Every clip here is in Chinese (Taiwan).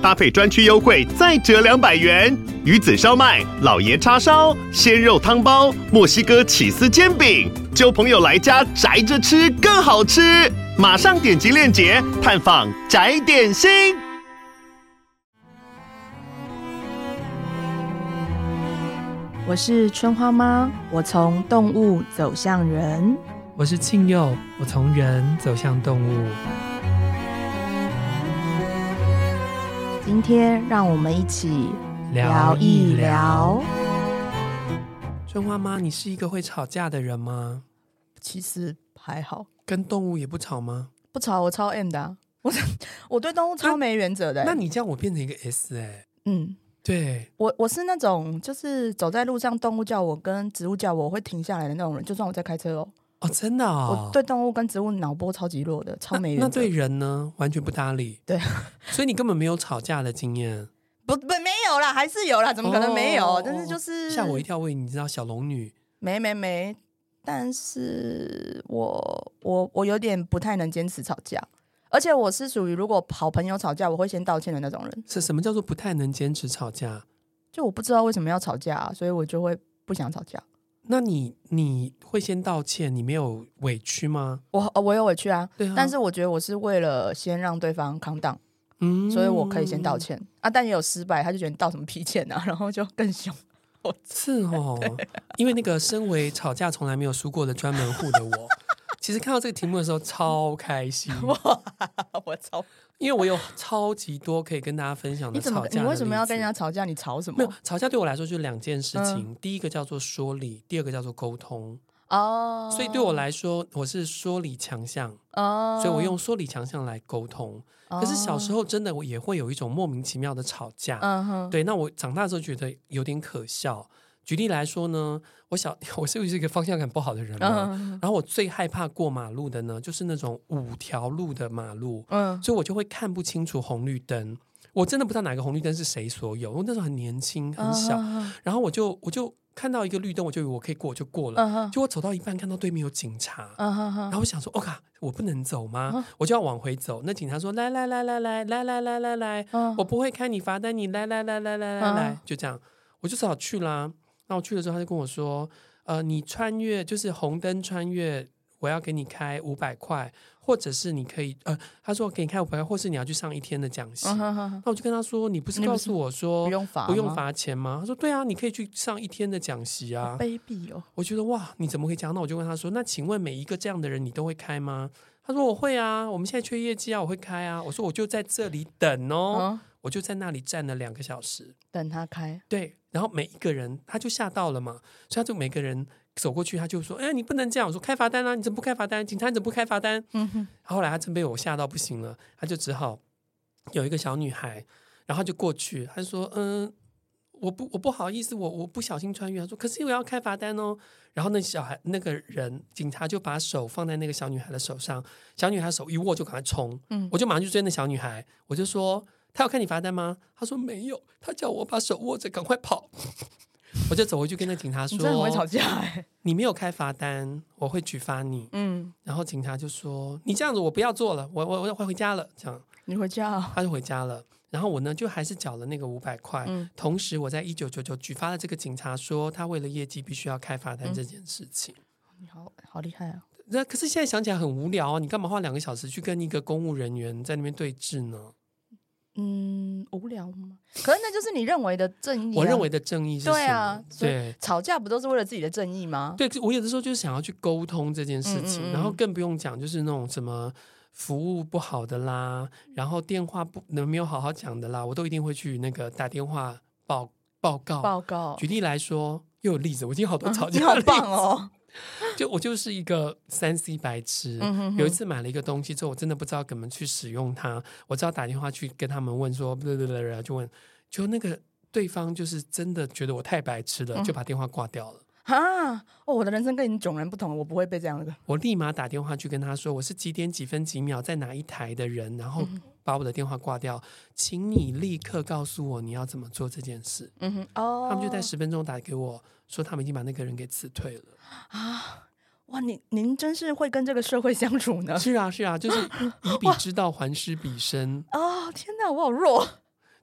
搭配專區優惠，再折兩百元。魚子燒賣、老爺叉燒、鮮肉湯包、墨西哥起司煎餅，叫朋友來家宅着吃更好吃。馬上點擊鏈接探訪宅點心。我是春花媽，我從動物走向人。我是慶祐，我從人走向動物。今天讓我們一起聊一聊。春花媽，你是一個會吵架的人嗎？其實還好，跟動物也不吵嗎？不吵，我超 M 的、啊。我 我對動物超沒原則的、欸啊。那你叫我變成一個 S 哎、欸。嗯，對。我我是那種，就是走在路上，動物叫我跟植物叫我，會停下來的那種人。就算我在開車哦。Oh, 真的哦，真的啊！我對動物跟植物腦波超級弱的，超沒用。那對人呢？完全不搭理。對， 所以你根本沒有吵架的經驗。不不沒有啦，還是有啦。怎麼可能沒有？Oh, 但是就是嚇我一跳，喂，你知道小龍女？沒沒沒，但是我我我有點不太能堅持吵架，而且我是屬於如果好朋友吵架，我會先道歉的那種人。是什麼叫做不太能堅持吵架？就我不知道為什麼要吵架啊，所以我就會不想吵架。那你你會先道歉？你沒有委屈嗎？我我有委屈啊，啊但是我覺得我是為了先讓對方 calm down，嗯，所以我可以先道歉啊。但也有失敗，他就覺得你道什麼屁歉啊，然後就更兇，是哦。 對因為那個身為吵架從來沒有輸過的專門戶的我， 其實看到這個題目的時候超開心，我，我超。因為我有超級多可以跟大家分享的吵架的。你怎麼，你為什麼要跟人家吵架？你吵什麼？吵架對我來說就是兩件事情，嗯、第一個叫做說理，第二個叫做溝通。哦，所以對我來說，我是說理強項。哦，所以我用說理強項來溝通。哦、可是小時候真的我也會有一種莫名其妙的吵架。嗯哼。對，那我長大之後覺得有點可笑。舉例來說呢，我小我是不是一個方向感不好的人嘛？然後我最害怕過馬路的呢，就是那種五條路的馬路，所以我就會看不清楚紅綠燈，我真的不知道哪個紅綠燈是誰所有。我那時候很年輕，很小，然後我就我就看到一個綠燈，我就我可以過，我就過了。就我走到一半，看到對面有警察，然後我想說，哦，我不能走嗎？我就要往回走。那警察說，來來來來來來來來來來，我不會開你罰單，你來來來來來來來，就這樣，我就只好去啦。那我去了之後，他就跟我說：“呃，你穿越就是紅燈穿越，我要給你開五百塊，或者是你可以呃，他說我給你開五百塊，或是你要去上一天的講習。啊”啊啊、那我就跟他說：“你不是告訴我說不，不用罰不用罰錢嗎？”他說：“對啊，你可以去上一天的講習啊。”卑鄙哦！我覺得哇，你怎麼可以講？那我就問他說：“那請問每一個這樣的人，你都會開嗎？”他說：“我會啊，我們現在缺業績啊，我會開啊。”我說：“我就在這裡等哦，啊、我就在那裡站了兩個小時，等他開。”對。然後每一個人他就嚇到了嘛，所以他就每個人走過去，他就說：“哎，你不能這樣！”我說：“開罰單啊，你怎麼不開罰單？警察你怎麼不開罰單？”嗯、哼後，後來他真被我嚇到不行了，他就只好有一個小女孩，然後就過去，他就說：“嗯，我不，我不好意思，我我不小心穿越。”他說：“可是我要開罰單哦。”然後那小孩那個人警察就把手放在那個小女孩的手上，小女孩手一握就趕快衝，我就馬上去追那小女孩，我就說。嗯嗯他有看你罰單嗎？他說沒有，他叫我把手握着，趕快跑。 我就走回去跟那警察說：“你真的會吵架哎，你沒有開罰單，我會舉發你。”嗯，然後警察就說：“你這樣子，我不要做了，我我我要回回家了。”這樣，你回家，哦，啊，他就回家了。然後我呢，就還是繳了那個五百塊。嗯、同時我在一九九九舉發了這個警察說，說他為了業績必須要開罰單這件事情。嗯、你好好厲害啊！那可是現在想起來很無聊啊，你幹嘛花兩個小時去跟一個公務人員在那邊對峙呢？嗯，無聊嗎？可是那就是你認為的正義，啊， 我認為的正義是，對啊，所以對，吵架不都是為了自己的正義嗎？對，我有的時候就是想要去溝通這件事情，嗯嗯嗯然後更不用講，就是那種什麼服務不好的啦，然後電話不能沒有好好講的啦，我都一定會去那個打電話報報告報告。報告舉例來說，又有例子，我已經好多吵架的例子了就我就是一個三 C 白痴，嗯、哼哼有一次買了一個東西之後，我真的不知道怎麼去使用它，我只好打電話去跟他們問說嘚嘚嘚嘚嘚嘚，就問，就那個對方就是真的覺得我太白痴了，就把電話掛掉了。啊、嗯哦，我的人生跟你迥然不同，我不會被這樣的。我立馬打電話去跟他說，我是幾點幾分幾秒在哪一台的人，然後。嗯把我的電話掛掉，請你立刻告訴我你要怎麼做這件事。嗯哼，哦，他們就在十分鐘打給我，說他們已經把那個人給辭退了。啊，哇，您您真是會跟這個社會相處呢。是啊，是啊，就是以彼之道還施彼身。哦，天哪，我好弱。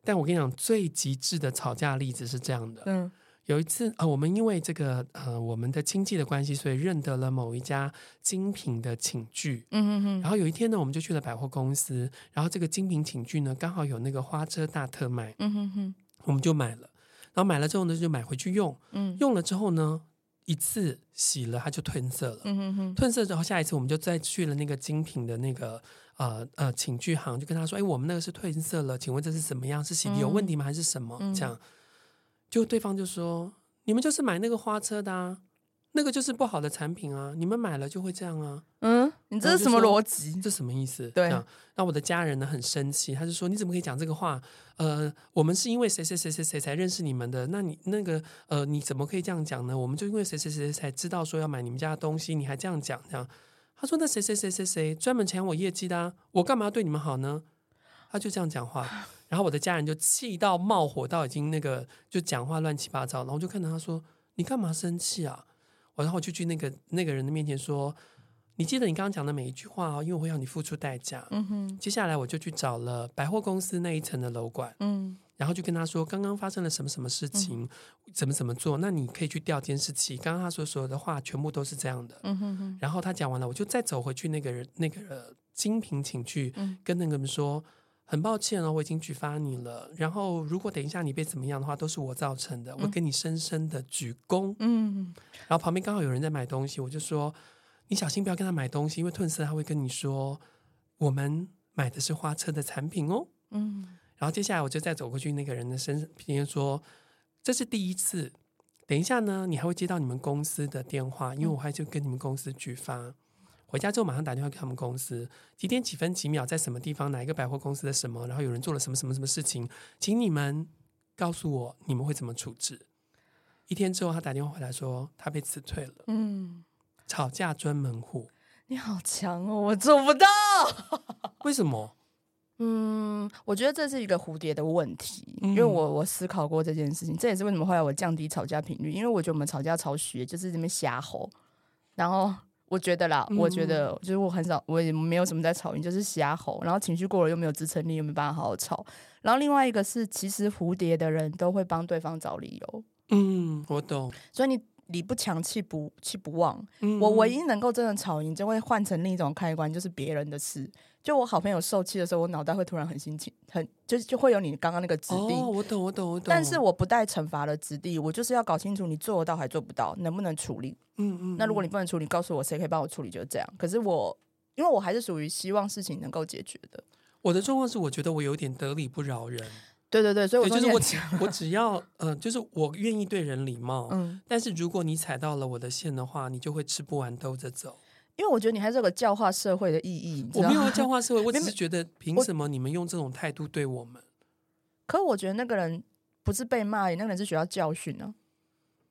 但我跟你講，最極致的吵架例子是這樣的。嗯。有一次啊、呃，我們因為這個呃，我們的親戚的關係，所以認得了某一家精品的寢具。嗯嗯嗯。然後有一天呢，我們就去了百貨公司，然後這個精品寢具呢，剛好有那個花車大特賣。嗯哼哼。我們就買了，然後買了之後呢，就買回去用。嗯。用了之後呢，一次洗了它就褪色了。嗯哼哼。褪色之後，下一次我們就再去了那個精品的那個呃呃寢具行，就跟他說：“哎，我們那個是褪色了，請問這是怎麼樣？是洗滌有問題嗎？嗯、哼還是什麼？”這樣、嗯哼。就對方就說：“你們就是買那個花車的啊，那個就是不好的產品啊！你們買了就會這樣啊！嗯，你這是什麼邏輯？這什麼意思？對，那我的家人呢很生氣，他就說：你怎麼可以講這個話？呃，我們是因為誰誰誰誰誰才才認識你們的？那你那個呃，你怎麼可以這樣講呢？我們就因為誰誰誰才知道說要買你們家的東西，你還這樣講？這樣，他說：那誰誰誰誰誰專門搶我業績的啊，我幹嘛要對你們好呢？”他就這樣講話，然後我的家人就氣到冒火，到已經那個就講話亂七八糟。然後我就看到他說：“你幹嘛生氣啊？”我然後我就去那個那個人的面前說：“你記得你剛剛講的每一句話，哦，因為我會讓你付出代價。嗯哼”接下來我就去找了百貨公司那一層的樓管，嗯、然後就跟他說：“剛剛發生了什麼什麼事情？嗯、怎麼怎麼做？那你可以去調監視器。剛剛他說所有的話全部都是這樣的。嗯哼哼”然後他講完了，我就再走回去那個人那個人、那個、人精品情去跟那個人說。嗯很抱歉哦，我已經舉發你了。然後如果等一下你被怎麼樣的話，都是我造成的。我跟你深深的鞠躬。嗯，然後旁邊剛好有人在買東西，我就說，你小心不要跟他買東西，因為褪色，他會跟你說我們買的是花車的產品哦。嗯，然後接下來我就再走過去那個人的身旁邊就說，這是第一次。等一下呢，你還會接到你們公司的電話，因為我還就跟你們公司舉發。嗯回家之後馬上打電話給他們公司，幾點幾分幾秒在什麼地方，哪一個百貨公司的什麼，然後有人做了什麼什麼什麼事情，請你們告訴我你們會怎麼處置。一天之後他打電話回來說他被辭退了。嗯，吵架專門戶，你好強哦，我做不到 為什麼？嗯，我覺得這是一個蝴蝶的問題、嗯、因為我我思考過這件事情，這也是為什麼後來我降低吵架頻率，因為我覺得我們吵架吵學就是這麼瞎吼然後。我覺得啦，嗯、哼我覺得就是我很少，我也沒有什麼在吵贏，就是瞎吼。然後情緒過了又沒有支撐力，又沒辦法好好吵。然後另外一個是，其實蝴蝶的人都會幫對方找理由。嗯，我懂。所以你理不強，氣不氣不旺。嗯、哼我唯一能夠真的吵贏，就會換成另一種開關，就是別人的事。就我好朋友受氣的時候，我腦袋會突然很心情很，就就會有你剛剛那個質地。哦、我懂，我懂，我懂。但是我不帶懲罰的質地，我就是要搞清楚你做得到還做不到，能不能處理？嗯嗯。嗯，那如果你不能處理，嗯、告訴我誰可以幫我處理，就是、這樣。可是我，因為我還是屬於希望事情能夠解決的。我的狀況是，我覺得我有點得理不饒人。對對對，所以我就是我， 我只要，嗯、呃，就是我願意對人禮貌。嗯。但是如果你踩到了我的線的話，你就會吃不完兜着走。因為我覺得你還是有個教化社會的意義。你知道嗎？我沒有教化社會，我只是覺得憑什麼你們用這種態度對我們？我我可我覺得那個人不是被罵，那個人是學到教訓了，啊。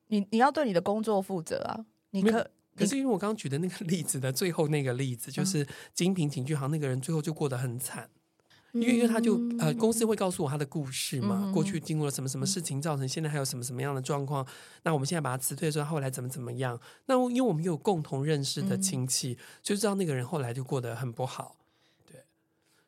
你你要對你的工作負責啊！你可可是因為我剛剛舉的那個例子的你最後那個例子，就是精品情趣行那個人最後就過得很慘。嗯因為因為他就呃，公司會告訴我他的故事嘛，過去經過了什麼什麼事情，造成現在還有什麼什麼樣的狀況？那我們現在把他辭退，說後來怎麼怎麼樣？那因為我們有共同認識的親戚，就知道那個人後來就過得很不好。對，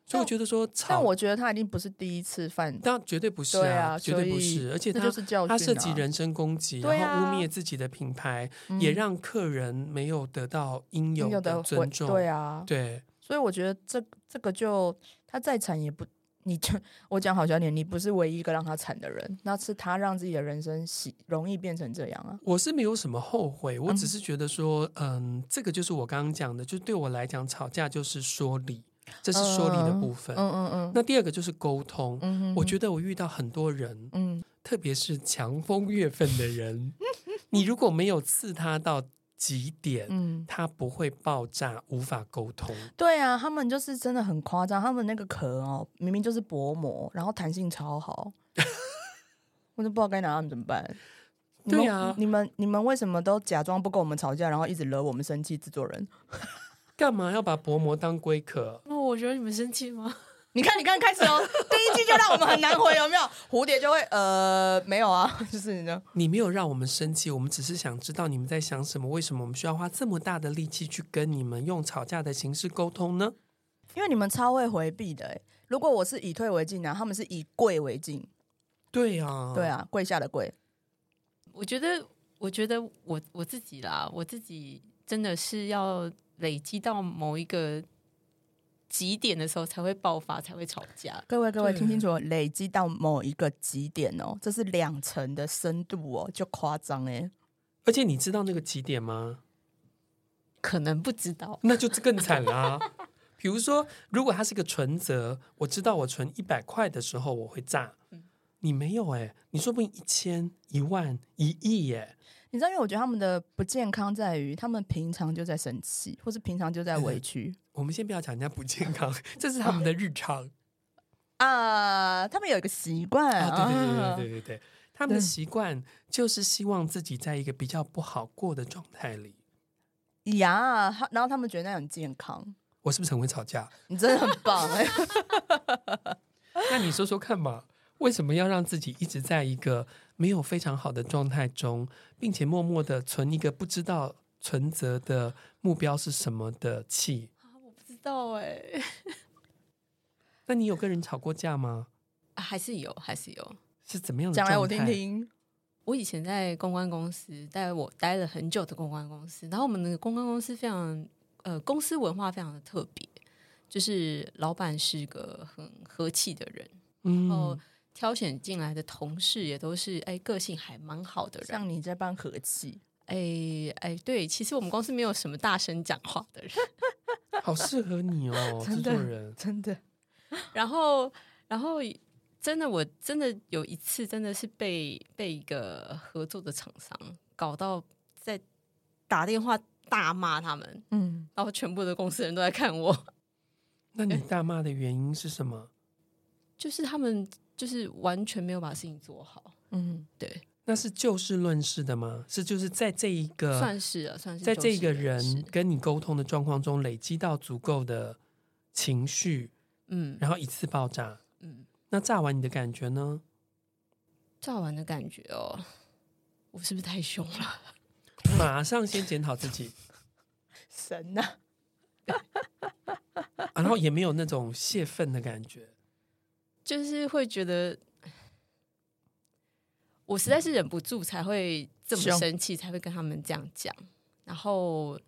所以我覺得說，但我覺得他一定不是第一次犯，但絕對不是啊，絕對不是。而且他是他涉及人身攻擊，然後污衊自己的品牌，也讓客人沒有得到應有的尊重。對啊，對。所以我覺得這。這個就他再慘也不，你就我講好小點，你不是唯一一個讓他慘的人，那是他讓自己的人生喜容易變成這樣啊。我是沒有什麼後悔，我只是覺得說，嗯，嗯，這個就是我剛剛講的，就對我來講，吵架就是說理，這是說理的部分。嗯嗯嗯。嗯嗯嗯，那第二個就是溝通。嗯哼哼，我覺得我遇到很多人，嗯，特別是強風月份的人， 你如果沒有刺他到極點，嗯，他不會爆炸，無法溝通、嗯。對啊，他們就是真的很誇張。他們那個殼哦，明明就是薄膜，然後彈性超好， 我都不知道該拿他們怎麼辦。對啊，你們你們，你們為什麼都假裝不跟我們吵架，然後一直惹我們生氣？制作人， 幹嘛要把薄膜當龜殼？那我覺得你們生氣嗎？你看，你剛開始哦！ 第一句就讓我們很難回，有沒有？蝴蝶就會呃，沒有啊，就是你呢？你沒有讓我們生氣，我們只是想知道你們在想什麼？為什麼我們需要花這麼大的力氣去跟你們用吵架的形式溝通呢？因為你們超會回避的，哎！如果我是以退為進的、啊，他們是以跪為進。對啊，對啊，跪下的跪。我覺得，我覺得我我自己啦，我自己真的是要累積到某一個。幾點的時候才會爆發，才會吵架？各位各位，聽清楚，對累積到某一個極點哦，這是兩層的深度哦，就誇張哎。而且你知道那個極點嗎？可能不知道，那就更慘啦，啊。 比如說，如果他是一個存摺，我知道我存一百塊的時候我會炸，嗯，你沒有哎，欸，你說不定一千、一萬、一億耶。你知道，因為我覺得他們的不健康在於他們平常就在生氣，或是平常就在委屈。對對對，我們先不要講人家不健康，這是他們的日常 啊。他們有一個習慣、啊，對對對對對對對，他們的習慣就是希望自己在一個比較不好過的狀態裡。呀，然後他們覺得那樣很健康。我是不是很會吵架？你真的很棒、欸。哎！ 那你說說看吧，為什麼要讓自己一直在一個？沒有非常好的狀態中，並且默默的存一個不知道存折的目標是什麼的氣、啊、我不知道哎、欸。 那你有跟人吵過架嗎？還是有，還是有。是怎麼樣的？講來我聽聽。我以前在公關公司，在我待了很久的公關公司，然後我們的公關公司非常，呃，公司文化非常的特別，就是老闆是個很和氣的人，嗯、然後。挑選進來的同事也都是哎、欸，個性還蠻好的人，像你這般和氣。哎哎、欸欸，對，其實我們公司沒有什麼大聲講話的人， 好適合你哦，真的人真的。真的然後，然後，真的，我真的有一次真的是被被一個合作的廠商搞到在打電話大罵他們，嗯，然後全部的公司的人都在看我。那你大罵的原因是什麼？欸、就是他們。就是完全沒有把事情做好，嗯，對，那是就事論事的嗎？是就是在這一個，算是啊，算是，在這一個人跟你溝通的狀況中累積到足夠的情緒，嗯，然後一次爆炸，嗯，那炸完你的感覺呢？炸完的感覺哦，我是不是太凶了？馬上先檢討自己， 神吶、啊， 然後也沒有那種洩憤的感覺。就是會覺得，我實在是忍不住才會這麼生氣，才會跟他們這樣講。然後，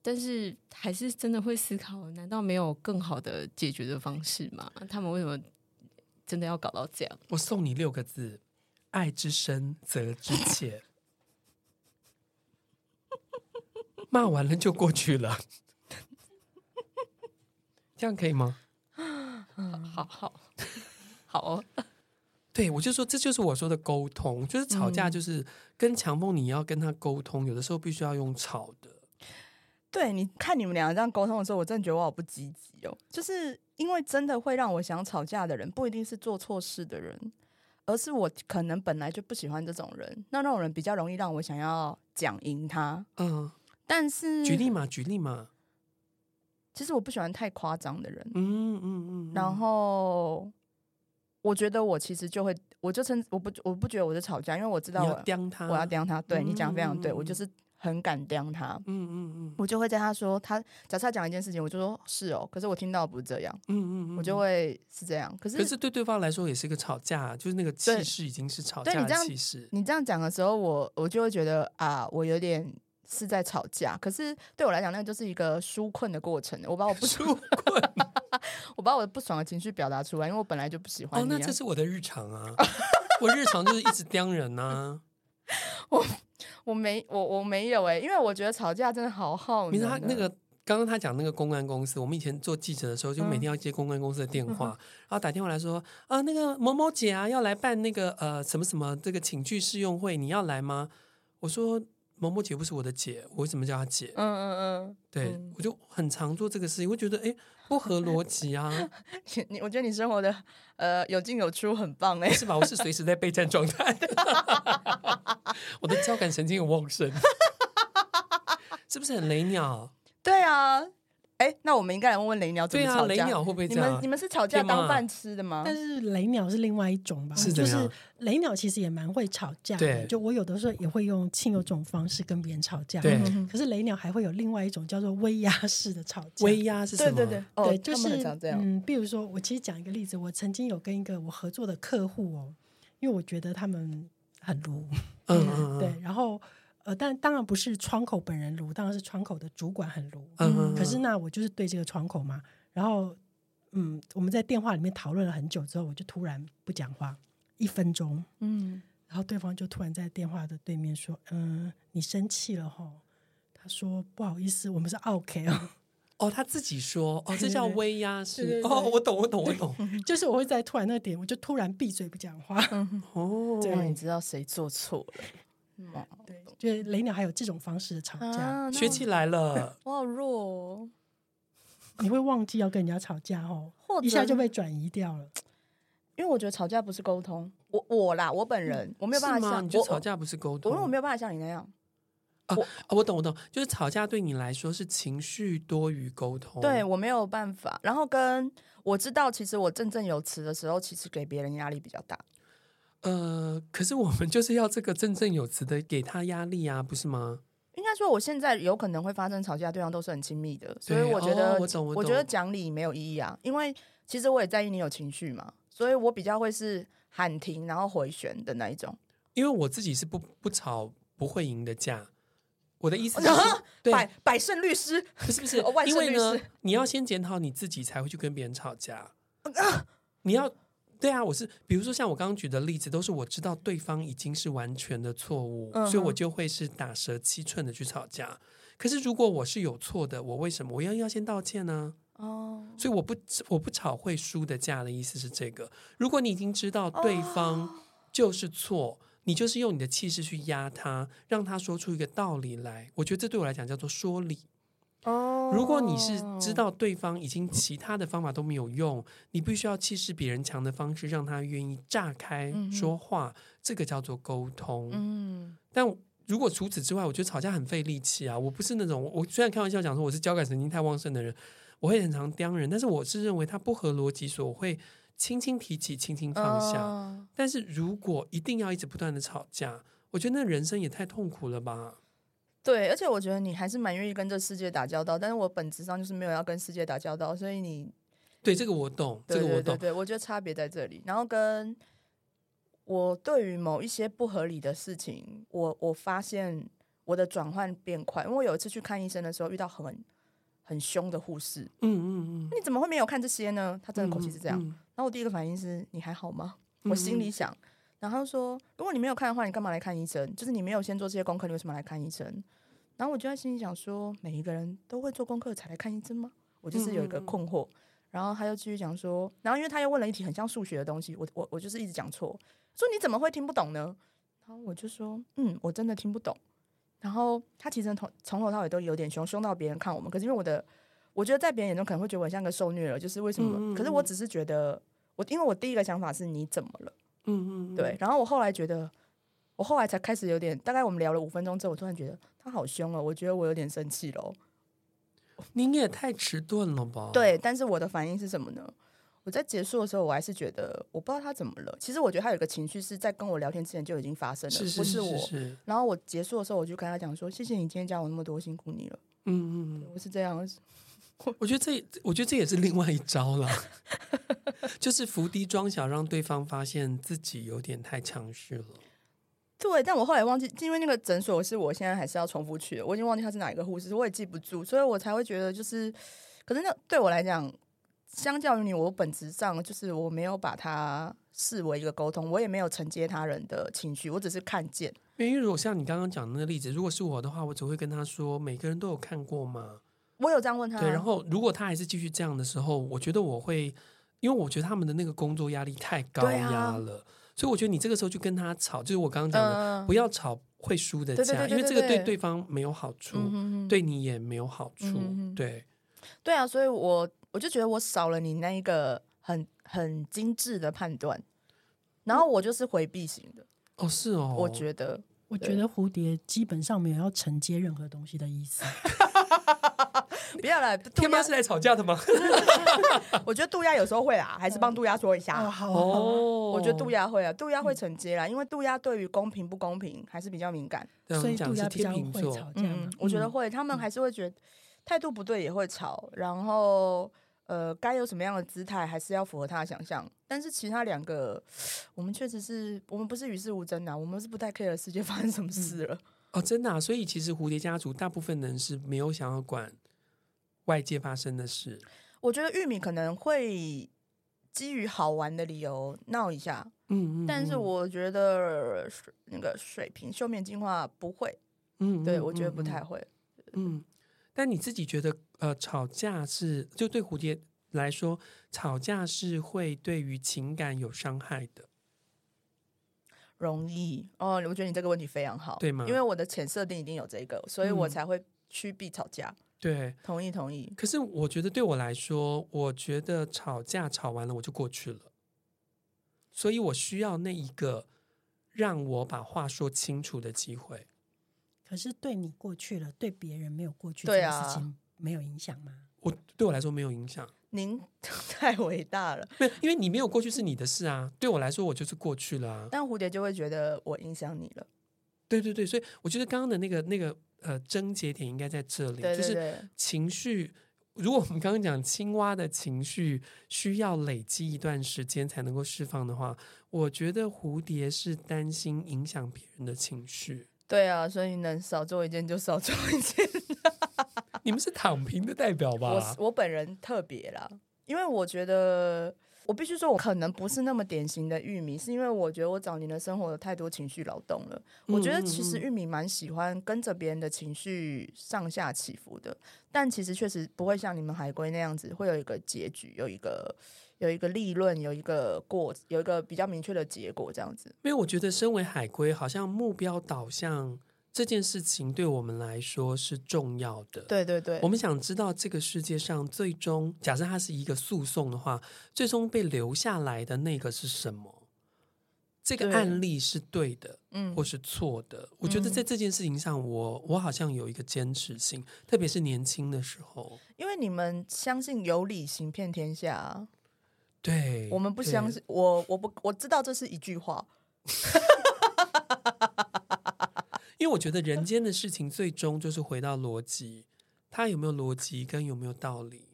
但是還是真的會思考：難道沒有更好的解決的方式嗎？他們為什麼真的要搞到這樣？我送你六個字：愛之深，責之切。 罵完了就過去了， 這樣可以嗎？嗯，好好好哦，對，我就說這就是我說的溝通，就是吵架，就是跟強風你要跟他溝通，嗯、有的時候必須要用吵的。對，你看你們倆這樣溝通的時候，我真的覺得我好不積極哦，就是因為真的會讓我想吵架的人，不一定是做錯事的人，而是我可能本來就不喜歡這種人，那那種人比較容易讓我想要講贏他。嗯，但是舉例嘛，舉例嘛。其實我不喜歡太誇張的人。嗯嗯嗯。嗯嗯然後，我覺得我其實就會，我就稱我不我不覺得我在吵架，因為我知道我要刁他，我要刁他。對、嗯、你講非常對，嗯、我就是很敢刁他。嗯嗯嗯。嗯嗯我就會在他說他，假設他講一件事情，我就說是哦，可是我聽到不是這樣。嗯嗯嗯。嗯嗯我就會是這樣，可是可是對對方來說也是個吵架，就是那個氣勢已經是吵架的你這樣氣勢。你這樣講的時候，我我就會覺得啊，我有點。是在吵架，可是對我來講，那就是一個紓困的過程。我把我不紓困， 我把我的不爽的情緒表達出來，因為我本來就不喜歡你、啊、哦，那這是我的日常啊！ 我日常就是一直盯人吶、啊 我沒我沒我我沒有哎、欸，因為我覺得吵架真的好好。你知道他那個剛剛他講那個公關公司，我們以前做記者的時候，就每天要接公關公司的電話，嗯嗯、然後打電話來說啊，那個某某姐啊，要來辦那個呃什麼什麼這個請去試用會，你要來嗎？我說。某某姐不是我的姐，我為什麼叫她姐？嗯嗯嗯，嗯，對，嗯，我就很常做這個事情，我覺得哎不合邏輯啊！你我覺得你生活的呃有進有出很棒哎，是吧？我是隨時在備戰狀態，我的交感神經很旺盛， 是不是很雷鳥？對啊。哎，那我們應該來問問雷鳥怎麼吵架，對、啊、雷鳥會不會這樣？你們你們是吵架當飯吃的嗎？但是雷鳥是另外一種吧？是就是雷鳥其實也蠻會吵架的。對就我有的時候也會用慶祐這種方式跟別人吵架。對嗯、哼可是雷鳥還會有另外一種叫做威壓式的吵架。威壓是什麼？對對對，哦，對就是、哦、嗯，比如說我其實講一個例子，我曾經有跟一個我合作的客戶哦，因為我覺得他們很奴、嗯嗯嗯嗯嗯。對，然後。呃，但當然不是窗口本人擼，當然是窗口的主管很擼。嗯、可是那我就是對這個窗口嘛。嗯、然後，嗯，我們在電話裡面討論了很久之後，我就突然不講話，一分鐘。嗯，然後對方就突然在電話的對面說：“嗯，你生氣了吼？”他說：“不好意思，我們是 OK 哦”，他自己說，哦，這叫威壓是哦，對對對，我懂，我懂，我懂。就是我會在突然那點，我就突然閉嘴不講話。嗯、對哦，那你知道誰做錯了？嗯、對，就是雷鳥還有這種方式的吵架，學起來了，我好弱、哦， 你會忘記要跟人家吵架哦，或者一下就被轉移掉了。因為我覺得吵架不是溝通，我我啦，我本人、嗯、我沒有辦法像我吵架不是溝通，我，我，我沒有辦法像你那樣。啊，我懂我懂，就是吵架對你來說是情緒多於溝通，對我沒有辦法。然後跟我知道，其實我振振有詞的時候，其實給別人壓力比較大。呃，可是我們就是要這個振振有詞的給他壓力啊，不是嗎？應該說，我現在有可能會發生吵架，對方都是很親密的，對所以我覺得，哦、我懂、我懂，我覺得講理沒有意義啊。因為其實我也在意你有情緒嘛，所以我比較會是喊停然後回旋的那一種。因為我自己是不不吵不會贏的架，我的意思是、啊、對百百勝律師是不是、哦、萬勝律師，因為呢、嗯、你要先檢討你自己才會去跟別人吵架啊！你要。嗯對啊，我是比如說像我剛剛舉的例子，都是我知道對方已經是完全的錯誤，uh huh. 所以我就會是打蛇七寸的去吵架。可是如果我是有錯的，我為什麼我要要先道歉呢？哦，oh. 所以我不我不吵會輸的架的意思是這個。如果你已經知道對方就是錯，oh. 你就是用你的氣勢去壓他，讓他說出一個道理來。我覺得這對我來講叫做說理。哦，如果你是知道對方已經其他的方法都沒有用，你必須要氣勢比人強的方式讓他願意炸開說話，嗯、哼這個叫做溝通。嗯、哼但如果除此之外，我覺得吵架很費力氣啊。我不是那種我雖然開玩笑講說我是交感神經太旺盛的人，我會很常刁人，但是我是認為他不合邏輯所，所以我會輕輕提起，輕輕放下。嗯、但是如果一定要一直不斷的吵架，我覺得那人生也太痛苦了吧。對，而且我覺得你還是蠻願意跟這世界打交道，但是我本質上就是沒有要跟世界打交道，所以你對你這個我懂，對對對對對這個我懂，對，我覺得差別在這裡。然後跟我對於某一些不合理的事情，我我發現我的轉換變快，因為我有一次去看醫生的時候，遇到很很凶的護士，嗯嗯嗯，你怎麼會沒有看這些呢？他真的口氣是這樣，嗯嗯嗯，然後我第一個反應是你還好嗎？我心裡想。嗯嗯然後他就說：“如果你沒有看的話，你幹嘛來看醫生？就是你沒有先做這些功課，你為什麼來看醫生？”然後我就在心裡想說：“每一個人都會做功課才來看醫生嗎？”我就是有一個困惑。嗯嗯，然後他又繼續講說：“然後因為他又問了一題很像數學的東西，我我我就是一直講錯，說你怎麼會聽不懂呢？”然後我就說：“嗯，我真的聽不懂。”然後他其實從從頭到尾都有點兇，兇到別人看我們。可是因為我的，我覺得在別人眼中可能會覺得我像個受虐了，就是為什麼？嗯嗯，可是我只是覺得，我因為我第一個想法是你怎麼了？嗯嗯，嗯，對。然後我後來覺得，我後來才開始有點，大概我們聊了五分鐘之後，我突然覺得他好凶了，哦，我覺得我有點生氣了。您也太遲鈍了吧？對，但是我的反應是什麼呢？我在結束的時候，我還是覺得我不知道他怎麼了。其實我覺得他有個情緒是在跟我聊天之前就已經發生了，是是是是不是我。是是是然後我結束的時候，我就跟他講說：“謝謝你今天教我那麼多，辛苦你了。”嗯嗯嗯，我是這樣。我覺得這，我覺得這也是另外一招了， 就是伏低裝小，讓對方發現自己有點太強勢了。對，但我後來忘記，因為那個診所是我現在還是要重複去的，我已經忘記他是哪一個護士，我也記不住，所以我才會覺得就是，可是那對我來講，相較於你，我本質上就是我沒有把它視為一個溝通，我也沒有承接他人的情緒，我只是看見。因為如果像你剛剛講的那個例子，如果是我的話，我只會跟他說：“每個人都有看過嗎？”我有這樣問他、啊。對，然後如果他還是繼續這樣的時候，我覺得我會，因為我覺得他們的那個工作壓力太高壓了，啊、所以我覺得你這個時候去跟他吵，就是我剛剛講的，呃、不要吵會輸的架，因為這個對對方沒有好處，嗯、哼哼對你也沒有好處。嗯、哼哼對，對啊，所以我我就覺得我少了你那一個很很精緻的判斷，然後我就是回避型的。哦我，是哦，我覺得，我覺得蝴蝶基本上沒有要承接任何東西的意思。 不要了，你鴨天媽是來吵架的嗎？ 我覺得渡鴉有時候會啊，還是幫渡鴉說一下。哦、oh. 我覺得渡鴉會啊，渡鴉會承接啦，嗯、因為渡鴉對於公平不公平還是比較敏感。所以渡鴉天平會吵架？嗯，我覺得會，他們還是會覺得態度不對也會吵，嗯、然後呃，該有什麼樣的姿態，還是要符合他的想象。但是其他兩個，我們確實是我們不是與世無爭的、啊，我們是不太 care 的世界發生什麼事了。嗯、哦，真的、啊，所以其實蝴蝶家族大部分人是沒有想要管。外界發生的事，我覺得玉米可能會基於好玩的理由鬧一下，嗯，嗯，嗯但是我覺得那個水平休眠進化不會，嗯，嗯，嗯，嗯，對我覺得不太會，嗯，嗯，嗯。但你自己覺得，呃，吵架是就對蝴蝶來說，吵架是會對於情感有傷害的，容易哦。我覺得你這個問題非常好，對嗎？因為我的潛設定一定有這個，所以我才會趨避吵架。嗯對，同意同意。可是我覺得對我來說，我覺得吵架吵完了我就過去了，所以我需要那一個讓我把話說清楚的機會。可是對你過去了，對別人沒有過去這件事情沒有影響嗎？對啊、我對我來說沒有影響。您太偉大了，沒有，因為你沒有過去是你的事啊。對我來說，我就是過去了啊。但蝴蝶就會覺得我影響你了。對對對，所以我覺得剛剛的那個那個。呃，症結點應該在這裡，對對對。就是情緒。如果我們剛剛講青蛙的情緒需要累積一段時間才能夠釋放的話，我覺得蝴蝶是擔心影響別人的情緒。對啊，所以能少做一件就少做一件啊。你們是躺平的代表吧？我我本人特別啦，因為我覺得。我必須說，我可能不是那麼典型的玉米，是因為我覺得我早年的生活有太多情緒勞動了。我覺得其實玉米蠻喜歡跟着別人的情緒上下起伏的，但其實確實不會像你們海龜那樣子會有一個結局，有一個有一個利潤，有一個過有一個比較明確的結果這樣子。因為我覺得身為海龜，好像目標導向。這件事情對我們來說是重要的。對對對，我們想知道這個世界上最終，假設它是一個訴訟的話，最終被留下來的那個是什麼？這個案例是對的，嗯對，或是錯的？嗯、我覺得在這件事情上，我我好像有一個堅持性，特別是年輕的時候，因為你們相信有理行遍天下，對，我們不相信。對我我不我知道這是一句話。 因為我覺得人間的事情最終就是回到邏輯，它有沒有邏輯跟有沒有道理？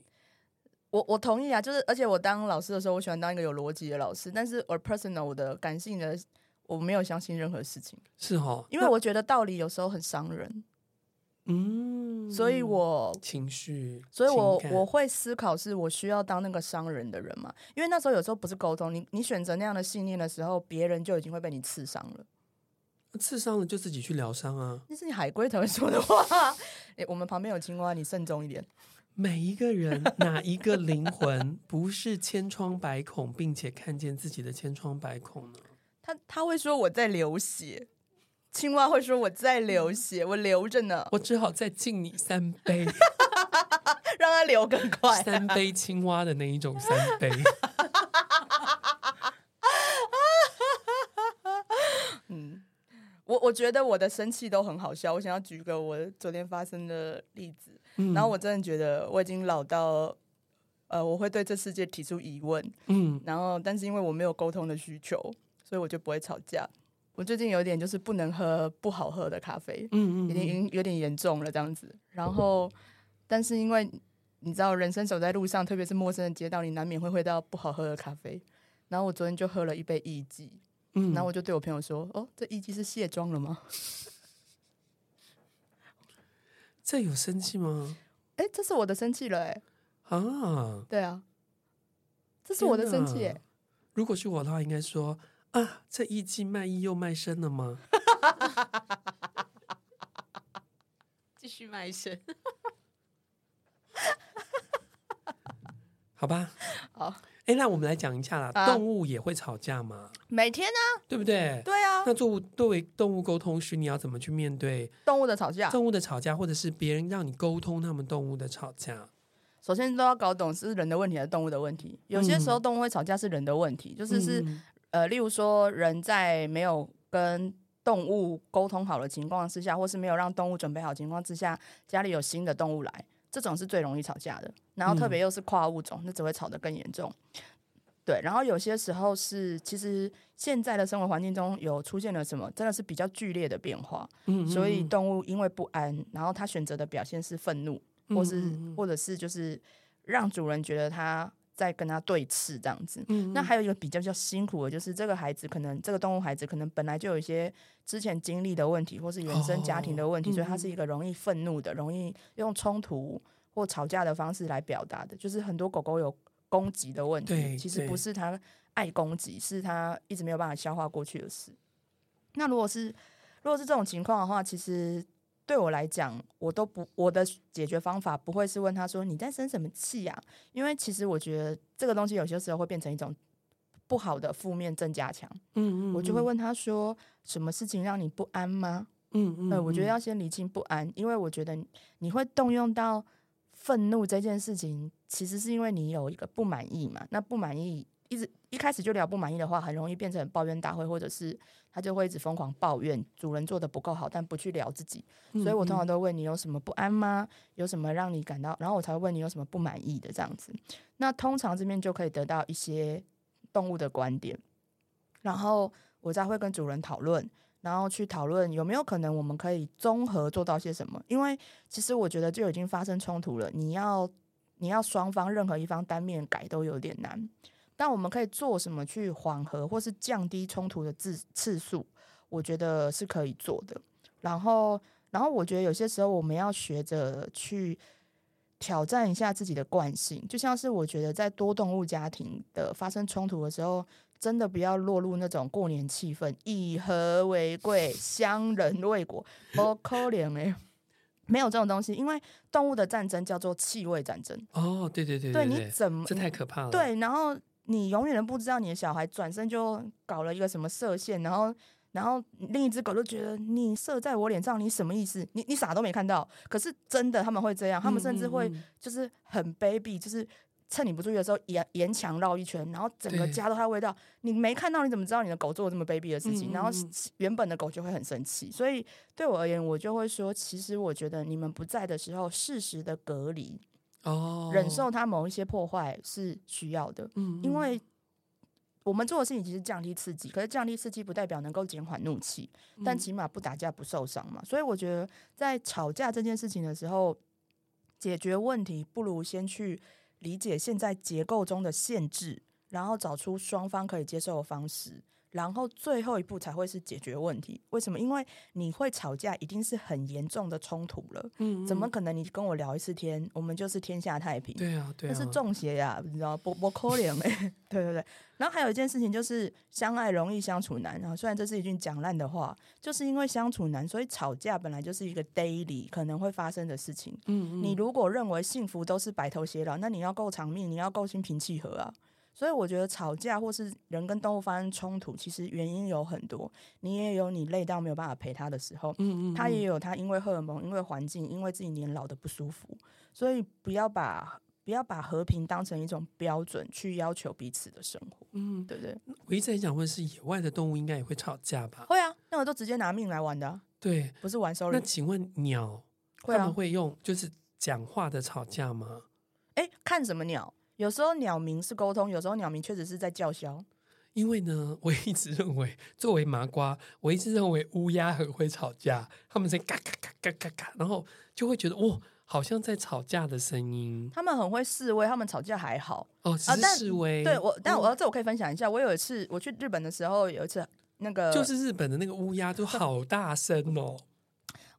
我我同意啊，就是而且我當老師的時候，我喜歡當一個有邏輯的老師。但是我的，我 personal 的感性的，我沒有相信任何事情。是哈吼，因為我覺得道理有時候很傷人。嗯那，所以我情緒，所以我感我會思考，是我需要當那個傷人的人嘛？因為那時候有時候不是溝通，你你選擇那樣的信念的時候，別人就已經會被你刺傷了。刺傷了就自己去療傷啊！那是你海龜才會說的話。哎，我們旁邊有青蛙，你慎重一點。每一個人，哪一個靈魂不是千瘡百孔，並且看見自己的千瘡百孔呢？他他會說我在流血，青蛙會說我在流血，我流着呢。我只好再敬你三杯，讓他流更快。三杯青蛙的那一種三杯。我我覺得我的生氣都很好笑，我想要舉一個我昨天發生的例子，嗯、然後我真的覺得我已經老到，呃，我會對這世界提出疑問，嗯，然後但是因為我沒有溝通的需求，所以我就不會吵架。我最近有點就是不能喝不好喝的咖啡，嗯嗯，有點嚴重了這樣子。然後但是因為你知道人生走在路上，特別是陌生的街道，你難免會喝到不好喝的咖啡。然後我昨天就喝了一杯藝妓。嗯，然後我就對我朋友說：“嗯、哦，這一季是卸妝了嗎？這有生氣嗎？哎，這是我的生氣了，哎，啊，對啊，這是我的生氣。如果是我的話，應該說啊，這一季賣藝又賣身了嗎？繼續賣身，好吧。”好。哎，那我們來講一下啦，動物也會吵架嗎？每天呢，對不對？對啊。那作為作為動物溝通師，你要怎麼去面對動物的吵架？動物的吵架，或者是別人讓你溝通他們動物的吵架？首先都要搞懂是人的問題還是動物的問題。有些時候動物會吵架是人的問題，就是是呃，例如說人在沒有跟動物溝通好的情況之下，或是沒有讓動物準備好情況之下，家裡有新的動物來。這種是最容易吵架的，然後特別又是跨物種，嗯、那只會吵得更嚴重。對，然後有些時候是，其實現在的生活環境中有出現了什麼，真的是比較劇烈的變化，嗯嗯嗯、所以動物因為不安，然後它選擇的表現是憤怒，或是、嗯嗯嗯、或者是就是讓主人覺得它。在跟他對峙這樣子，嗯、那還有一個比較叫辛苦的，就是這個孩子可能這個動物孩子可能本來就有一些之前經歷的問題，或是原生家庭的問題，哦嗯、所以他是一個容易憤怒的，容易用衝突或吵架的方式來表達的。就是很多狗狗有攻擊的問題，其實不是他愛攻擊，是他一直沒有辦法消化過去的事。那如果是如果是這種情況的話，其實。對我來講，我都不，我的解決方法不會是問他說，你在生什麼氣呀？啊？因為其實我覺得這個東西有些時候會變成一種不好的負面正加強。嗯，嗯嗯，我就會問他說，什麼事情讓你不安嗎？嗯嗯，嗯，對，我覺得要先釐清不安，因為我覺得你，你會動用到憤怒這件事情，其實是因為你有一個不滿意嘛。那不滿意一直。一開始就聊不滿意的話，很容易變成抱怨大會，或者是他就會一直瘋狂抱怨主人做的不夠好，但不去聊自己。所以我通常都問，你有什麼不安嗎？嗯嗯。有什麼讓你感到？然後我才會問，你有什麼不滿意的這樣子。那通常這邊就可以得到一些動物的觀點，然後我再會跟主人討論，然後去討論有沒有可能我們可以綜合做到些什麼。因為其實我覺得就已經發生衝突了，你要你要雙方任何一方單面改都有點難。但我們可以做什麼去緩和或是降低衝突的次次數？我覺得是可以做的。然後，然後我覺得有些時候我們要學着去挑戰一下自己的慣性。就像是我覺得在多動物家庭的發生衝突的時候，真的不要落入那種過年氣氛，以和為貴，相忍為國。哦，可憐哎，沒有這種東西，因為動物的戰爭叫做氣味戰爭。哦，對對對對，對，對，你怎麼這太可怕了。對，然後。你永遠都不知道你的小孩轉身就搞了一個什麼射線，然後，然後另一隻狗就覺得你射在我臉上，你什麼意思？你你啥都沒看到？可是真的他們會這樣，他們甚至會就是很卑鄙，就是趁你不注意的時候沿沿牆繞一圈，然後整個家都還有味道。對你沒看到你怎麼知道你的狗做這麼卑鄙的事情？然後原本的狗就會很生氣。所以對我而言，我就會說，其實我覺得你們不在的時候，適時的隔離。哦，oh, 忍受他某一些破壞是需要的，嗯，因為我們做的事情其實是降低刺激，可是降低刺激不代表能夠減緩怒氣，但起碼不打架不受傷嘛。嗯，所以我覺得在吵架這件事情的時候，解決問題不如先去理解現在結構中的限制，然後找出雙方可以接受的方式。然後最後一步才會是解決問題。為什麼？因為你會吵架，一定是很嚴重的衝突了。嗯，嗯，怎麼可能？你跟我聊一次天，我們就是天下太平。對啊，對啊，那是中邪呀，啊，你知道不？我可憐哎， 對對對。然後還有一件事情就是，相愛容易相處難。啊。雖然這是一句講爛的話，就是因為相處難，所以吵架本來就是一個 daily 可能會發生的事情。嗯嗯。你如果認為幸福都是白頭偕老，那你要夠長命，你要夠心平氣和啊。所以我覺得吵架或是人跟動物發生衝突，其實原因有很多。你也有你累到沒有辦法陪它的時候，嗯嗯，他也有它因為荷爾蒙、因為環境、因為自己年老的不舒服。所以不要把不要把和平當成一種標準去要求彼此的生活。嗯，對不對？我一直在想問，是野外的動物應該也會吵架吧？會啊，那我就直接拿命來玩的啊。對，不是玩手裡。那請問鳥會不會用就是講話的吵架嗎？哎、啊，看什麼鳥？有時候鳥鳴是溝通，有時候鳥鳴確實是在叫囂。因為呢，我一直認為作為麻瓜，我一直認為烏鴉很會吵架，他們在嘎嘎嘎嘎嘎嘎，然後就會覺得哇、哦，好像在吵架的聲音。他們很會示威，他們吵架還好哦，示威。啊、但對我，但我這我可以分享一下，我有一次我去日本的時候，有一次那個就是日本的那個烏鴉都好大聲哦。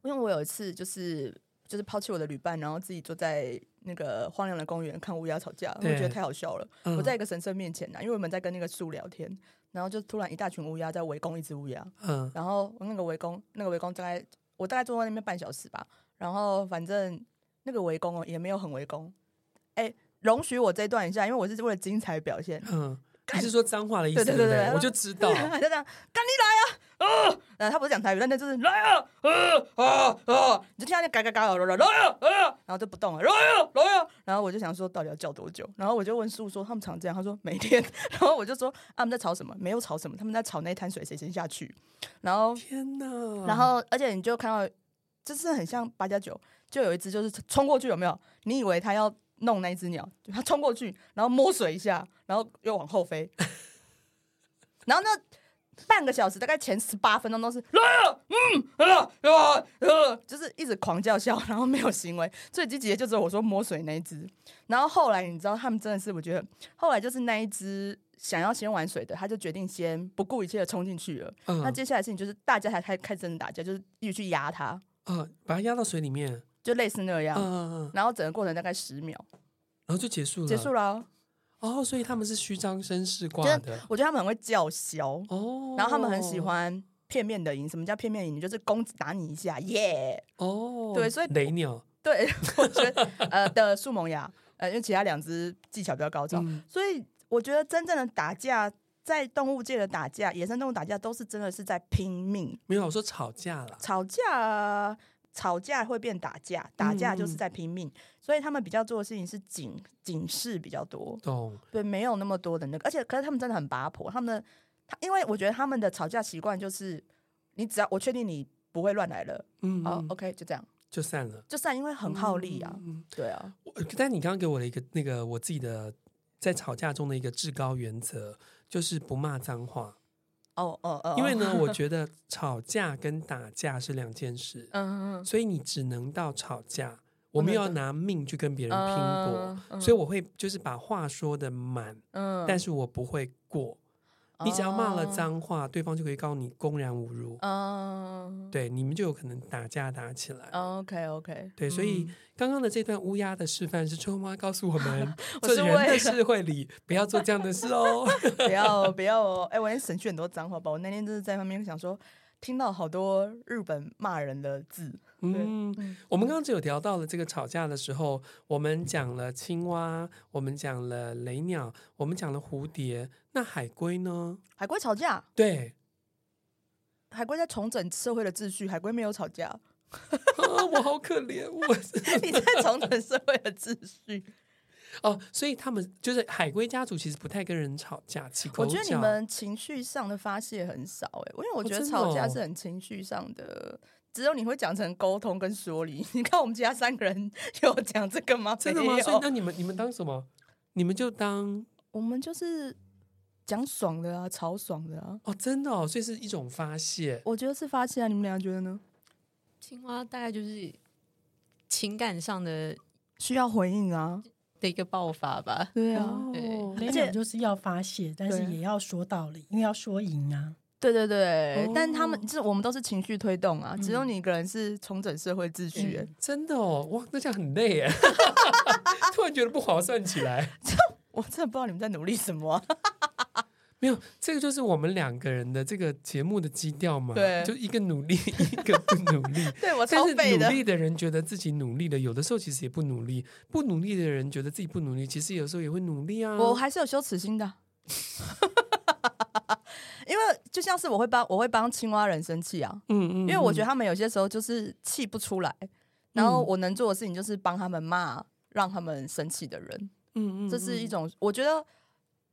因為我有一次就是就是拋棄我的旅伴，然後自己坐在那個荒涼的公園，看烏鴉吵架，我覺得太好笑了。我在一個神社面前吶，嗯、因為我們在跟那個樹聊天，然後就突然一大群烏鴉在圍攻一隻烏鴉。嗯，然後那個圍攻，那個圍攻大概我大概坐在那邊半小時吧。然後反正那個圍攻哦，也沒有很圍攻。哎、欸，容許我這一段一下，因為我是為了精彩表現。嗯，幹你是說髒話的意思？對，對對對對，我就知道。趕緊 來、啊啊！呃，他不是講台語，那那就是來啊！啊啊！你就聽到那嘎嘎嘎，來啊！來啊！然後就不動了，來啊！來啊！然後我就想說，到底要叫多久？然後我就問師傅說，他們常這樣？他說每天。然後我就說，啊、他們在吵什麼？沒有吵什麼，他們在吵那一灘水誰先下去。然後天吶，然後而且你就看到，就是很像八加九，9, 就有一只就是衝過去，有沒有？你以為他要弄那只鳥？他衝過去，然後摸水一下，然後又往後飛。然後呢？半個小時，大概前十八分鐘都是來了、啊，嗯，來、啊、了，來、啊、了、啊，就是一直狂叫囂，然後沒有行為。最積極的就只有我說摸水那一只。然後後來你知道他們真的是我覺得，後來就是那一只想要先玩水的，他就決定先不顧一切的衝進去了。嗯、那接下來事情就是大家才開開始真的打架，就是一直去壓他。嗯，把他壓到水裡面，就類似那樣。嗯、然後整個過程大概十秒，然後就結束了。結束了哦，oh, 所以他們是虛張聲勢光的。我覺得他們很會叫囂哦，oh, 然後他們很喜歡片面的贏。什麼叫片面贏？就是公子打你一下，耶！哦，對，所以雷鳥，對，我覺得 呃的樹萌芽，呃，因為其他兩只技巧比較高超，嗯、所以我覺得真正的打架，在動物界的打架，野生動物打架都是真的是在拼命。沒有我說吵架了，吵架吵架會變打架，打架就是在拼命。嗯所以他們比較做的事情是警警示比較多，懂對，沒有那麼多的那個，而且可是他們真的很八婆他們的他，因為我覺得他們的吵架習慣就是，你只要我確定你不會亂來了，嗯、嗯，好 OK 就這樣就散了，就散，因為很耗力啊，嗯嗯嗯嗯對啊。但你剛剛給我的一個那個我自己的在吵架中的一個至高原則就是不罵髒話，哦哦哦，因為呢，我覺得吵架跟打架是兩件事，嗯嗯嗯，所以你只能到吵架。我們又要拿命去跟別人拼搏，嗯、所以我會就是把話說得滿，嗯、但是我不會過。嗯、你只要罵了髒話，對方就可以告你公然侮辱。啊、嗯，對，你們就有可能打架打起來。嗯、OK OK，對，所以剛剛、嗯、的這段烏鴉的示範是春花告訴我們，在 慧人的社會裡 不要做這樣的事哦，不 要不要。哎、欸，我也省去很多髒話吧。我那天就是在那邊想說，聽到好多日本罵人的字。嗯，對我們剛剛只有聊到了這個吵架的時候，我們講了青蛙，我們講了雷鳥，我們講了蝴蝶，那海龜呢？海龜吵架？對，海龜在重整社會的秩序。海龜沒有吵架，我好可憐， 我是你，在重整社會的秩序。哦，所以他們就是海龜家族，其實不太跟人吵架。其實我覺得你們情緒上的發洩很少、欸，哎，因為我覺得吵架是很情緒上的。只有你會講成溝通跟說理，你看我們其他三個人有講這個嗎？真的嗎？所以那你們你們當什麼？你們就當我們就是講爽的啊，超爽的啊！哦，真的哦，所以是一種發洩。我覺得是發洩啊，你們倆覺得呢？慶祐大概就是情感上的需要回應啊的一個爆發吧。對啊，對而且就是要發洩，而且但是也要說道理，啊、因為要說贏啊。對對對，哦、但他們就是我們都是情緒推動啊，嗯、只有你一個人是重整社會秩序，欸嗯。真的哦，哇，那這樣很累耶， 突然覺得不划算起來就。我真的不知道你們在努力什麼？啊。 沒有，這個就是我們兩個人的這個節目的基調嘛。對，就一個努力，一個不努力。 對我，但是努力的人覺得自己努力的，有的時候其實也不努力；不努力的人覺得自己不努力，其實有時候也會努力啊。我還是有羞恥心的。 因為就像是我會幫我會幫青蛙人生氣啊，嗯、嗯嗯，因為我覺得他們有些時候就是氣不出來，嗯、然後我能做的事情就是幫他們罵，讓他們生氣的人，嗯、嗯嗯，這是一種我覺得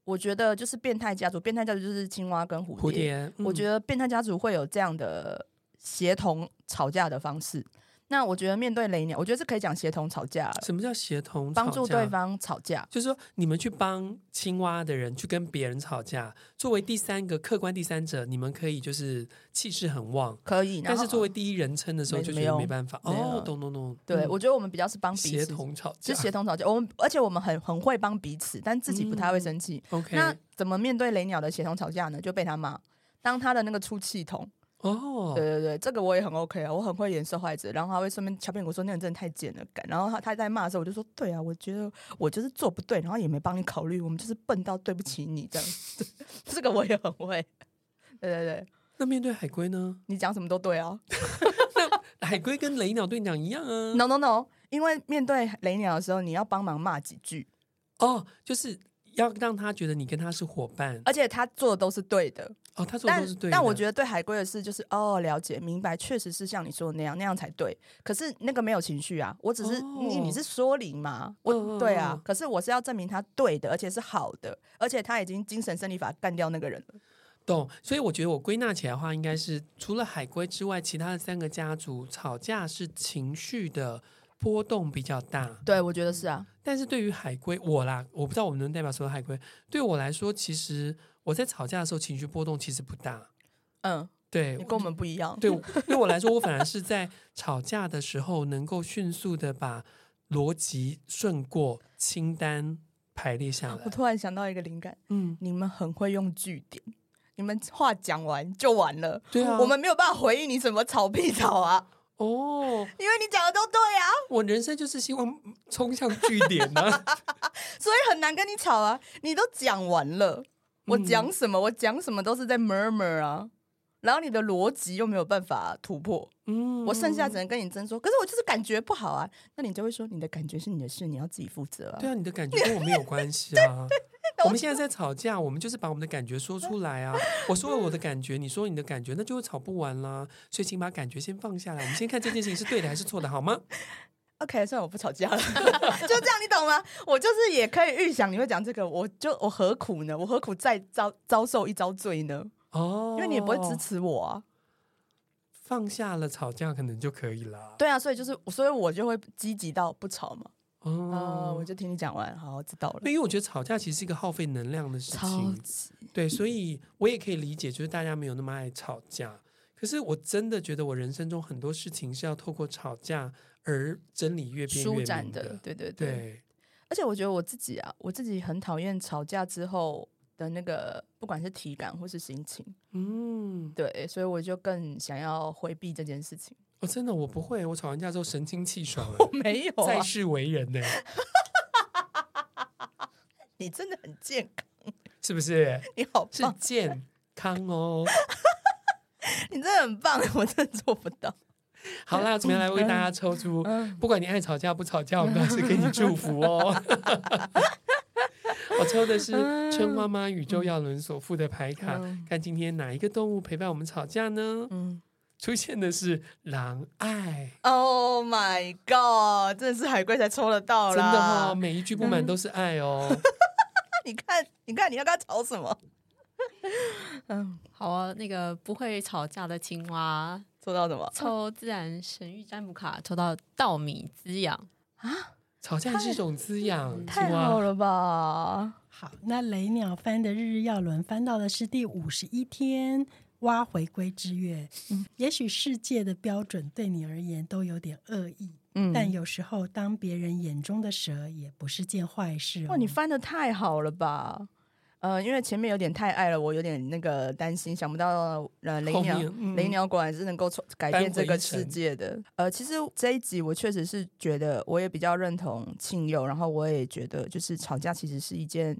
我覺得就是變態家族，變態家族就是青蛙跟蝴蝶，蝴蝶。嗯、我覺得變態家族會有這樣的協同吵架的方式。那我覺得面對雷鳥，我覺得是可以講協同吵架。什麼叫協同吵架？幫助對方吵架，就是說你們去幫青蛙的人去跟別人吵架。作為第三個客觀第三者，你們可以就是氣勢很旺，可以。但是作為第一人稱的時候沒就覺有沒辦法就覺得沒辦法。有哦，懂懂懂。't know, 對，嗯、我覺得我們比較是幫彼此，協同吵架，就是協同吵架。我們而且我們很很會幫彼此，但自己不太會生氣。嗯、OK，那怎麼面對雷鳥的協同吵架呢？就被他罵，當他的那個出氣筒。哦，oh. 對對對，這個我也很 OK 啊，我很會演受害者，然後還會順便敲邊鼓說那人真的太賤了，敢。然後他他在罵的時候，我就說對啊，我覺得我就是做不對，然後也沒幫你考慮，我們就是笨到對不起你這樣。這個我也很會，對對對。那面對海龜呢？你講什麼都對啊。 海龜跟雷鳥對講一樣啊。No no no，因為面對雷鳥的時候，你要幫忙罵幾句。哦，oh, 就是要讓他覺得你跟他是夥伴，而且他做的都是對的。哦，他做是對，但，但我覺得對海龜的事就是哦，了解、明白，確實是像你說的那樣，那樣才對。可是那個沒有情緒啊，我只是、哦、你，你是說理嘛，我、哦、對啊。可是我是要證明他對的，而且是好的，而且他已經精神勝利法幹掉那個人了。懂。所以我覺得我歸納起來的話，應該是除了海龜之外，其他的三個家族吵架是情緒的波動比較大。對，我覺得是啊。但是對於海龜，我啦，我不知道我們能代表所有海龜。對我來說，其實。我在吵架的時候情緒波動其實不大，嗯，對，跟我們不一樣。對，對我來說，我反而是在吵架的時候能夠迅速的把邏輯順過清單排列下來。我突然想到一個靈感，嗯，你們很會用句點，你們話講完就完了。對啊，我們沒有辦法回應你什麼，吵屁吵啊。哦，因為你講的都對啊，我人生就是希望衝向句點啊， 所以很難跟你吵啊，你都講完了。我講什麼，我講什麼都是在 murmur 啊，然後你的邏輯又沒有辦法突破，嗯，我剩下只能跟你爭說，可是我就是感覺不好啊，那你就會說你的感覺是你的事，你要自己負責啊。對啊，你的感覺跟我沒有關係啊。 對，對，對，我們現在在吵架，我們就是把我們的感覺說出來啊。我說了我的感覺，你說你的感覺，那就會吵不完啦。所以請把感覺先放下來，我們先看這件事情是對的還是錯的，好嗎？OK，算了，我不吵架了。 就這樣，你懂嗎？ 我就是也可以預想你會講這個，我就我何苦呢？我何苦再遭遭受一遭罪呢？哦，因為你也不會支持我、啊。放下了吵架，可能就可以了。對啊，所以就是，所以我就會積極到不吵嘛。哦、啊，我就聽你講完，好，知道了。因為我覺得吵架其實是一個耗費能量的事情，超級對，所以我也可以理解，就是大家沒有那麼愛吵架。可是我真的覺得，我人生中很多事情是要透過吵架。而真理越變越舒展的，對對對。對，而且我覺得我自己啊，我自己很討厭吵架之後的那個，不管是體感或是心情，嗯，對，所以我就更想要回避這件事情。哦，真的，我不會，我吵完架之後神清氣爽，我沒有、啊、再世為人呢、欸。 你真的很健康，是不是？你好，是健康哦。 你真的很棒，我真的做不到。好啦，怎麼樣來為大家抽出，不管你愛吵架不吵架，我們都還是給你祝福哦。 我抽的是春花媽與周耀倫所付的牌卡，看今天哪一個動物陪伴我們吵架呢？嗯，出現的是狼愛。Oh my god！真的是海龜才抽得到啦。真的嗎？每一句不滿都是愛哦。嗯、 你看，你看，你要跟他吵什麼？嗯， 好啊，那個不會吵架的青蛙。抽到什麼？抽自然神諭占卜卡，抽到稻米滋養啊！吵架是一種滋養，太好媽了吧？好，那雷鳥翻的日日曜輪翻到的是第五十一天，蛙回歸之月。嗯，也許世界的標準對你而言都有點惡意，嗯，但有時候當別人眼中的蛇也不是件壞事哦。哦，你翻得太好了吧？呃，因為前面有點太愛了，我有點那個擔心，想不到呃雷鳥，嗯、雷鳥果然是能夠改變這個世界的。呃，其實這一集我確實是覺得，我也比較認同慶祐，然後我也覺得就是吵架其實是一件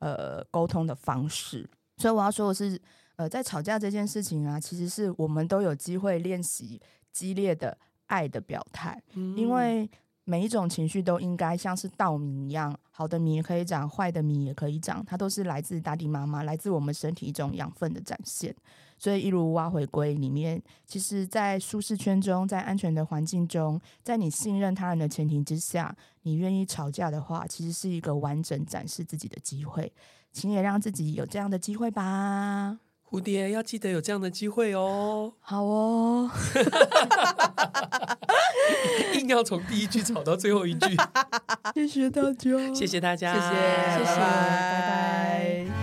呃溝通的方式，所以我要說的是，呃，在吵架這件事情啊，其實是我們都有機會練習激烈的愛的表態，嗯、因為。每一種情緒都應該像是稻米一樣，好的米也可以長，壞的米也可以長，它都是來自大地媽媽，來自我們身體一種養分的展現。所以，一如蛙回歸裡面，其實，在舒適圈中，在安全的環境中，在你信任他人的前提之下，你願意吵架的話，其實是一個完整展示自己的機會。請也讓自己有這樣的機會吧。蝴蝶要記得有這樣的機會哦！好哦， 硬要從第一句吵到最後一句， 謝謝大家，謝謝大家，謝謝，謝謝，拜拜。